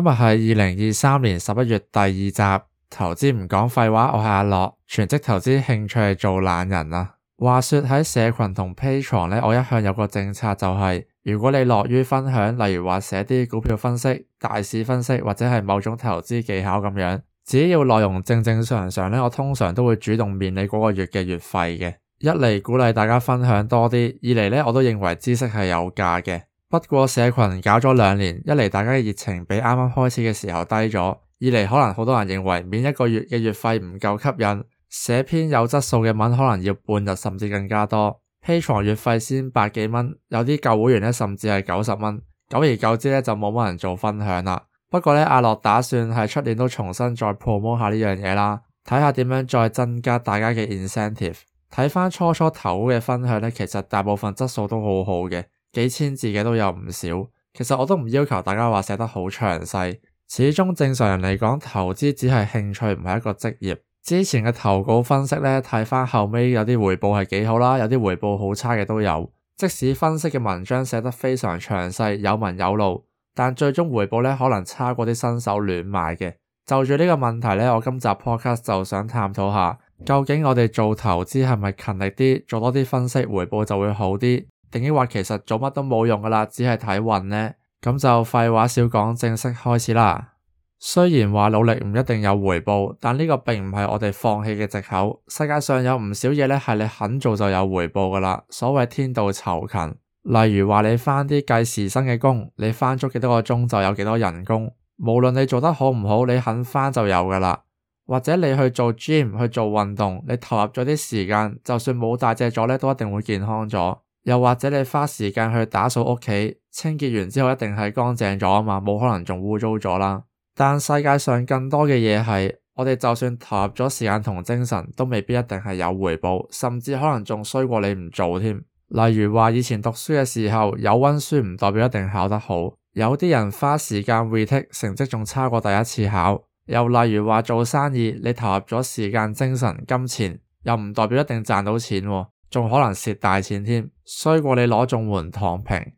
今日係二零二三年十一月第二集，投資唔講廢話，我係阿樂，全職投資，興趣係做懶人啦，啊。話說喺社群同 Patreon 呢，我一向有一個政策，就是，就係如果你樂於分享，例如話寫啲股票分析、大市分析或者係某種投資技巧咁樣，只要內容正正常常呢，我通常都會主動免你嗰個月嘅月費嘅。一嚟鼓勵大家分享多啲，二嚟呢，我都認為知識係有價嘅。不過社群搞咗兩年，一嚟大家嘅熱情比啱啱開始嘅時候低咗，二嚟可能好多人認為免一個月嘅月費唔夠吸引，寫篇有質素嘅文可能要半日甚至更加多。Patreon 月費先百幾蚊，有啲舊會員呢，甚至係九十蚊，久而久之呢，就冇乜人做分享啦。不過呢，阿樂打算喺出年都重新再 promote 下呢樣嘢啦，睇下點樣再增加大家嘅 incentive。睇翻初初頭嘅分享呢，其實大部分質素都好好嘅。幾千字嘅都有唔少，其實我都唔要求大家話寫得好詳細。始終正常人嚟講,投資只係興趣，唔係一個職業。之前嘅投稿分析呢，睇翻後尾有啲回報係幾好啦，有啲回報好差嘅都有。即使分析嘅文章寫得非常詳細，有文有路，但最終回報呢，可能差過啲新手亂買嘅。就住呢個問題呢，我今集 Podcast 就想探討下，究竟我哋做投資係咪勤力啲，做多啲分析，回報就會好啲？定抑話其實做乜都冇用噶啦，只係睇運呢。咁就廢話少講，正式開始啦。雖然話努力唔一定有回報，但呢個並唔係我哋放棄嘅借口。世界上有唔少嘢呢，係你肯做就有回報噶啦。所謂天道酬勤，例如話你返啲計時薪嘅工，你返足幾多個鐘就有幾多人工。無論你做得好唔好，你肯返就有噶啦。或者你去做 gym 去做運動，你投入咗啲時間，就算冇大隻咗呢，都一定會健康咗。又或者你花時間去打掃屋企，清潔完之後一定係乾淨咗啊嘛，冇可能仲污糟咗啦。但世界上更多嘅嘢係，我哋就算投入咗時間同精神，都未必一定係有回報，甚至可能仲衰過你唔做添。例如話以前讀書嘅時候，有溫書唔代表一定考得好，有啲人花時間 retake，成績仲差過第一次考。又例如話做生意，你投入咗時間、精神、金錢，又唔代表一定賺到錢喎。仲可能蝕大錢添，衰過你攞綜援躺平。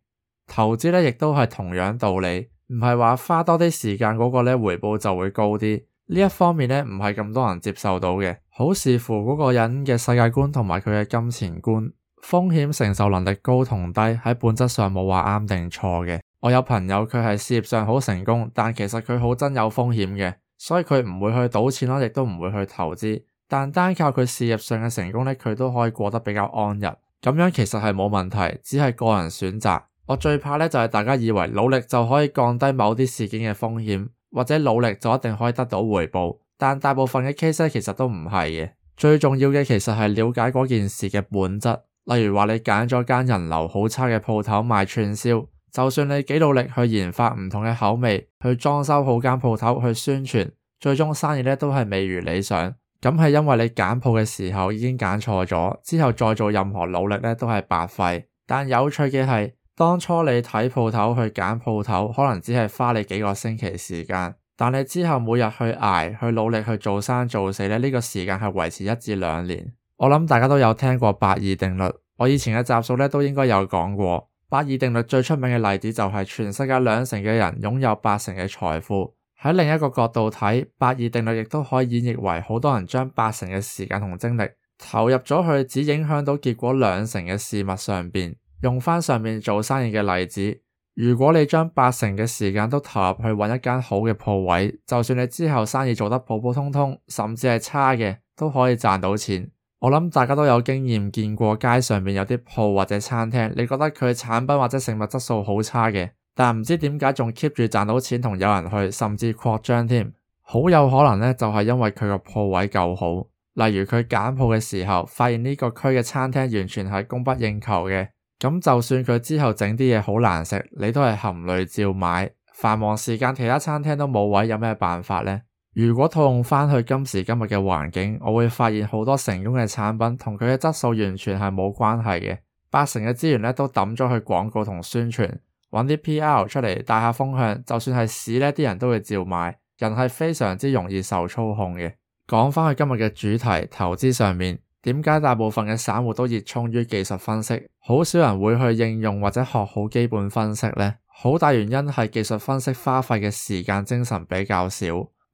投資咧亦都係同樣道理，唔係話花多啲時間嗰個咧回報就會高啲。呢一方面咧唔係咁多人接受到嘅，好視乎嗰個人嘅世界觀同埋佢嘅金錢觀，風險承受能力高同低喺本質上冇話啱定錯嘅。我有朋友佢係事業上好成功，但其實佢好真有風險嘅，所以佢唔會去賭錢啦，亦都唔會去投資。但單靠佢事業上嘅成功呢，佢都可以過得比較安逸，咁樣其實係冇問題，只係個人選擇。我最怕呢，就係大家以為努力就可以降低某啲事件嘅風險，或者努力就一定可以得到回報。但大部分嘅 case 呢，其實都唔係嘅。最重要嘅其實係了解嗰件事嘅本質。例如話你揀咗間人流好差嘅鋪頭賣串燒，就算你幾努力去研發唔同嘅口味，去裝修好間鋪頭，去宣傳，最終生意呢都係未如理想。咁係因為你揀鋪嘅時候已經揀錯咗，之後再做任何努力咧都係白費。但有趣嘅係，當初你睇鋪頭去揀鋪頭，可能只係花你幾個星期時間，但你之後每日去挨去努力去做生做死咧，呢個時間係維持一至兩年。我諗大家都有聽過八二定律，我以前嘅集數咧都應該有講過。八二定律最出名嘅例子就係全世界兩成嘅人擁有八成嘅財富。喺另一個角度睇，八二定律亦都可以演繹為好多人將八成嘅時間同精力投入咗去只影響到結果兩成嘅事物上邊。用翻上面做生意嘅例子，如果你將八成嘅時間都投入去揾一間好嘅鋪位，就算你之後生意做得普普通通，甚至係差嘅，都可以賺到錢。我諗大家都有經驗見過街上面有啲鋪或者餐廳，你覺得佢產品或者食物質素好差嘅。但唔知點解仲 keep 住賺到錢同有人去，甚至擴張添，好有可能呢，就係因為佢個鋪位夠好。例如佢揀鋪嘅時候，發現呢個區嘅餐廳完全係供不應求嘅。咁就算佢之後整啲嘢好難食，你都係含淚照買。繁忙時間其他餐廳都冇位，有咩辦法呢？如果套用翻去今時今日嘅環境，我會發現好多成功嘅產品同佢嘅質素完全係冇關係嘅，八成嘅資源呢，都抌咗去廣告同宣傳。揾啲 PR 出嚟帶下風向，就算係屎，呢啲人都會照買。人係非常之容易受操控嘅。講翻去今日嘅主題，投資上面點解大部分嘅散戶都熱衷於技術分析，好少人會去應用或者學好基本分析呢？好大原因係技術分析花費嘅時間精神比較少，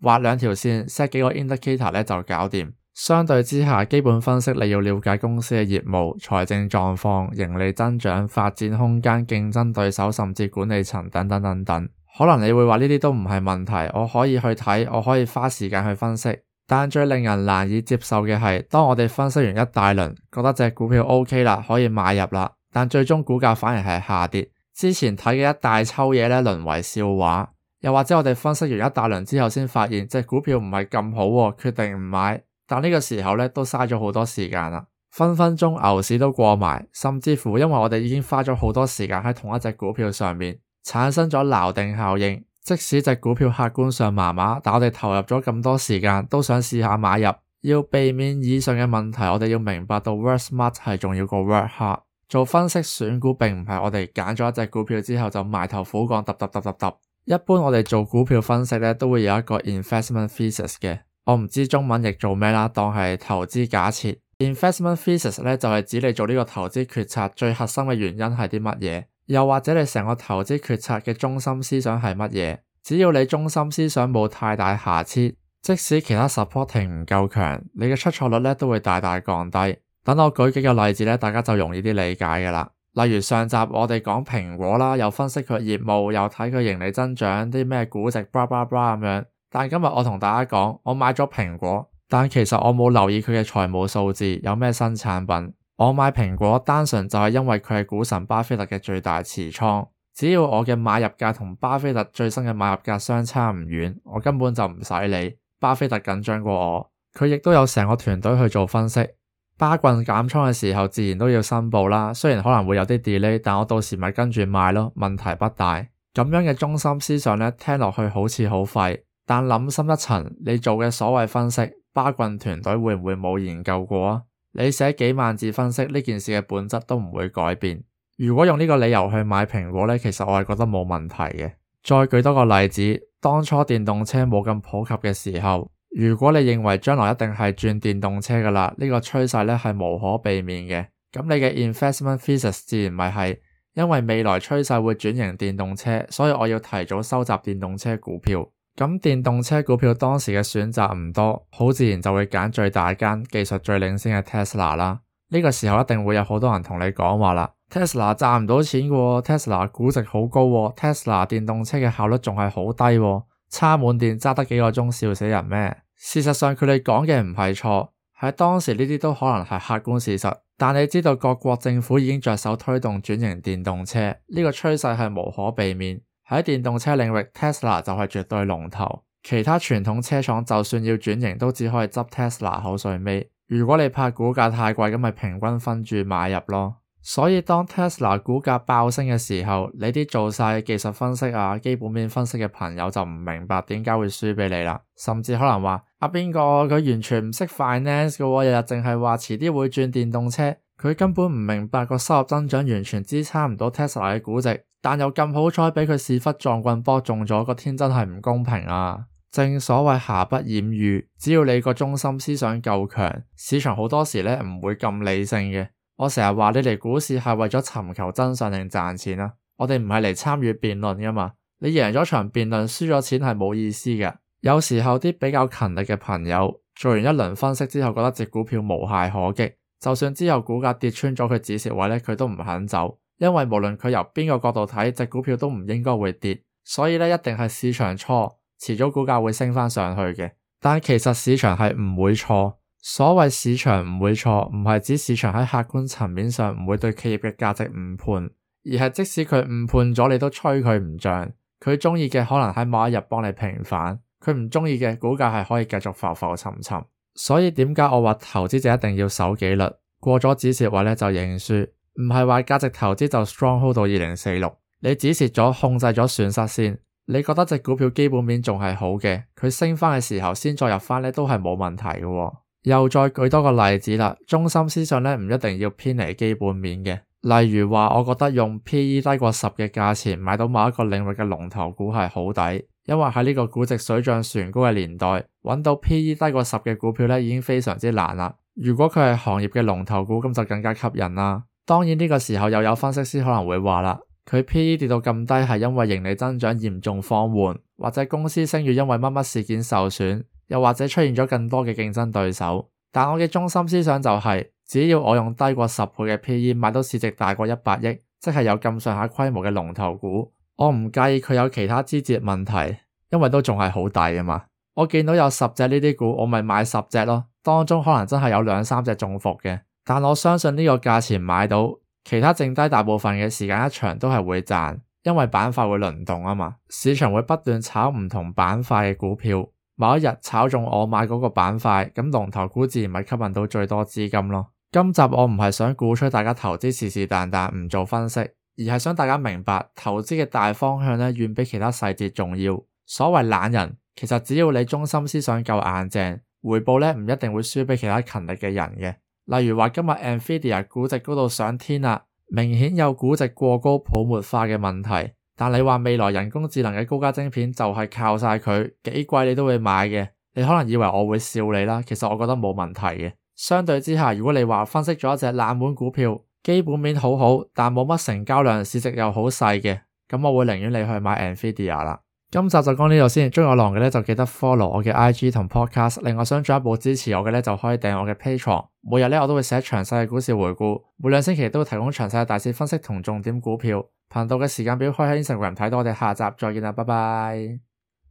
畫兩條線 set 幾個 indicator 咧就搞掂。相對之下，基本分析你要了解公司嘅業務、財政狀況、盈利增長、發展空間、競爭對手，甚至管理層等等等等。可能你會話呢啲都唔係問題，我可以去睇，我可以花時間去分析。但最令人難以接受嘅係，當我哋分析完一大輪，覺得隻股票 OK 啦，可以買入啦，但最終股價反而係下跌。之前睇嘅一大抽嘢咧，淪為笑話。又或者我哋分析完一大輪之後，先發現隻股票唔係咁好，決定唔買。但呢個時候都嘥咗好多時間啦，分分鐘牛市都過埋，甚至乎因為我哋已經花咗好多時間喺同一隻股票上面，產生咗錨定效應。即使隻股票客觀上麻麻，但我哋投入咗咁多時間，都想試下買入。要避免以上嘅問題，我哋要明白到 work smart 係重要過 work hard。做分析選股並唔係我哋揀咗一隻股票之後就埋頭苦幹，突突突突突。一般我哋做股票分析咧，都會有一個 investment thesis 嘅。我唔知中文譯做咩啦，當係投資假設。investment thesis 就係指你做呢個投資決策最核心嘅原因係啲乜嘢，又或者你成個投資決策嘅中心思想係乜嘢。只要你中心思想冇太大瑕疵，即使其他 supporting 唔夠強，你嘅出錯率都會大大降低。等我舉幾個例子大家就容易啲理解噶啦。例如上集我哋講蘋果啦，又分析佢業務，又睇佢盈利增長，啲咩估值，叭叭叭咁樣。但今日我同大家講，我買咗蘋果，但其實我冇留意佢嘅財務數字有咩新產品。我買蘋果單純就係因為佢係股神巴菲特嘅最大持倉。只要我嘅買入價同巴菲特最新嘅買入價相差唔遠，我根本就唔使理。巴菲特緊張過我，佢亦都有成個團隊去做分析。巴棍減倉嘅時候自然都要申報啦，雖然可能會有啲 delay，但我到時咪跟住賣咯，問題不大。咁樣嘅中心思想呢，聽落去好似好廢。但諗深一層，你做嘅所謂分析，巴郡團隊會唔會冇研究過啊？你寫幾萬字分析呢件事嘅本質都唔會改變。如果用呢個理由去買蘋果咧，其實我係覺得冇問題嘅。再舉多個例子，當初電動車冇咁普及嘅時候，如果你認為將來一定係轉電動車噶啦，呢個趨勢咧係無可避免嘅，咁你嘅 investment thesis 自然咪係因為未來趨勢會轉型電動車，所以我要提早收集電動車股票。咁電動車股票當時嘅選擇唔多，好自然就會揀最大間、技術最領先嘅 Tesla 啦。呢個時候一定會有好多人同你講話啦，Tesla 賺唔到錢喎，Tesla 估值好高，Tesla 電動車嘅效率仲係好低，插滿電揸得幾個鐘笑死人咩？事實上佢哋講嘅唔係錯，喺當時呢啲都可能係客觀事實。但你知道各國政府已經着手推動轉型電動車，呢個趨勢係無可避免。喺電動車領域，Tesla 就係絕對龍頭，其他傳統車廠就算要轉型，都只可以執 Tesla 口水尾。如果你怕股價太貴，咁咪平均分住買入咯。所以當 Tesla 股價爆升嘅時候，你啲做晒技術分析啊、基本面分析嘅朋友就唔明白點解會輸俾你啦，甚至可能話阿邊個佢完全唔識 finance 嘅，日日淨係話遲啲會轉電動車，佢根本唔明白個收入增長完全支撐唔到 Tesla 嘅估值。但又咁好彩俾佢屎忽撞棍波中咗，個天真係唔公平啊！正所謂瑕不掩瑜，只要你個中心思想夠強，市場好多時咧唔會咁理性嘅。我成日話你嚟股市係為咗尋求真相定賺錢啊？我哋唔係嚟參與辯論噶嘛。你贏咗場辯論，輸咗錢係冇意思嘅。有時候啲比較勤力嘅朋友，做完一輪分析之後，覺得隻股票無懈可擊，就算之後股價跌穿咗佢止蝕位咧，佢都唔肯走。因為無論佢由邊個角度睇，隻股票都唔應該會跌，所以咧一定係市場錯，遲早股價會升翻上去嘅。但其實市場係唔會錯。所謂市場唔會錯，唔係指市場喺客觀層面上唔會對企業嘅價值誤判，而係即使佢誤判咗，你都吹佢唔漲，佢鍾意嘅可能喺某一日幫你平反，佢唔鍾意嘅股價係可以繼續浮浮沉沉。所以點解我話投資者一定要守紀律，過咗止蝕位咧就認輸。唔係話價值投資就 strong hold 到二零四六，你止蝕咗，控制咗損失先。你覺得隻股票基本面仲係好嘅，佢升翻嘅時候先再入翻呢都係冇問題嘅哦。又再舉多個例子啦，中心思想呢唔一定要偏離基本面嘅。例如話，我覺得用 P E 低過十嘅價錢買到某一個領域嘅龍頭股係好抵，因為喺呢個估值水漲船高嘅年代，揾到 P E 低過十嘅股票呢已經非常之難啦。如果佢係行業嘅龍頭股，咁就更加吸引啦。當然呢個時候又有分析師可能會話啦，佢 P E 跌到咁低係因為盈利增長嚴重放緩，或者公司聲譽因為乜乜事件受損，又或者出現咗更多嘅競爭對手。但我嘅中心思想就係，只要我用低過十倍嘅 P E 買到市值大過一百億，即係有咁上下規模嘅龍頭股，我唔介意佢有其他資質問題，因為都仲係好抵啊嘛。我見到有十隻呢啲股，我咪買十隻咯，當中可能真係有兩三隻中伏嘅。但我相信呢個價錢買到，其他剩低大部分嘅時間一長都係會賺，因為板塊會輪動啊嘛，市場會不斷炒唔同板塊嘅股票，某一日炒中我買嗰個板塊，咁龍頭股自然咪吸引到最多資金咯。今集我唔係想鼓吹大家投資是是但但唔做分析，而係想大家明白投資嘅大方向咧，遠比其他細節重要。所謂懶人，其實只要你中心思想夠硬正，回報咧唔一定會輸俾其他勤力嘅人嘅。例如話今日 NVIDIA 估值高到上天啦，明顯有估值過高泡沫化嘅問題。但你話未來人工智能嘅高價晶片就係靠晒佢幾貴你都會買嘅，你可能以為我會笑你啦，其實我覺得冇問題嘅。相對之下，如果你話分析咗一隻冷門股票，基本面好好但冇乜成交量，市值又好細嘅，咁我會寧願你去買 NVIDIA 啦。今集就講到呢度先。中意我浪嘅咧就記得 follow 我嘅 IG 同 Podcast。另外想進一步支持我嘅咧就可以訂我嘅 Patreon。每日咧我都會寫詳細嘅股市回顧，每兩星期都會提供詳細嘅大市分析同重點股票。頻道嘅時間表可以喺 Instagram 睇到。我哋下集再見啦，拜拜。